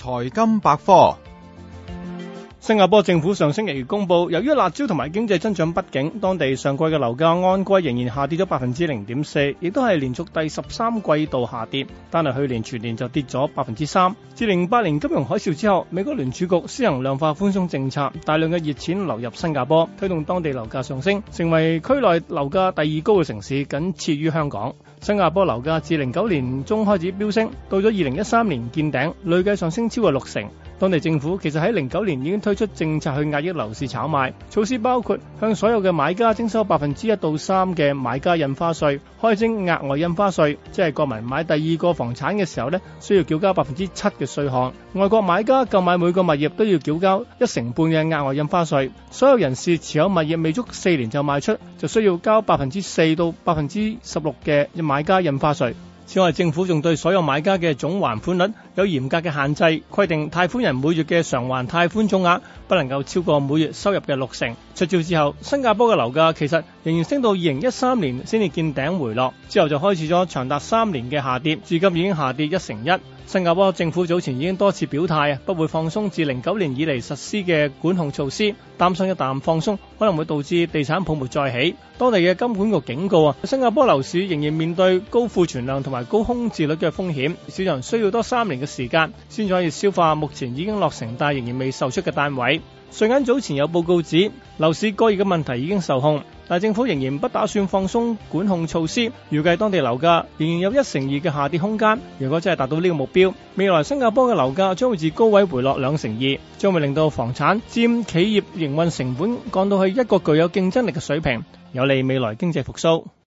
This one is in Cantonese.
財金百科。新加坡政府上星期公布，由於辣招同埋經濟增長不景，當地上季嘅樓價按季仍然下跌咗百分之零點四，亦都係連續第十三季度下跌。單係去年全年就跌咗百分之三。自零八年金融海嘯之後，美國聯儲局施行量化寬鬆政策，大量嘅熱錢流入新加坡，推動當地樓價上升，成為區內樓價第二高嘅城市，僅次於香港。新加坡樓價自零九年中開始飆升，到咗二零一三年見頂，累計上升超過六成。當地政府其實喺零九年已經推出政策去壓抑樓市炒賣，措施包括向所有嘅買家徵收百分之一到三嘅買家印花稅，開徵額外印花稅，即係國民買第二個房產嘅時候咧，需要繳交百分之七嘅稅項；外國買家購買每個物業都要繳交一成半嘅額外印花稅；所有人士持有物業未足四年就賣出，就需要交百分之四到百分之十六嘅買家印花稅。此外，政府仲對所有買家嘅總還款率有嚴格嘅限制，規定貸款人每月嘅償還貸款總額不能夠超過每月收入嘅六成。出招之後，新加坡嘅樓價其實仍然升到二零一三年先至見頂回落，之後就開始咗長達三年嘅下跌，至今已經下跌一成一。新加坡政府早前已經多次表態，不會放鬆自零九年以嚟實施嘅管控措施。擔心一旦放鬆，可能會導致地產泡沫再起。當地嘅金管局警告啊，新加坡樓市仍然面對高庫存量同埋高空置率嘅風險，市場需要多三年嘅時間先可以消化目前已經落成但仍然未售出嘅單位。瑞銀早前有報告指，樓市過熱嘅問題已經受控。但政府仍然不打算放鬆管控措施，預計當地樓價仍然有一成二嘅下跌空間。如果真係達到呢個目標，未來新加坡嘅樓價將會自高位回落兩成二，將會令到房產占企業營運成本降到去一個具有競爭力嘅水平，有利未來經濟復蘇。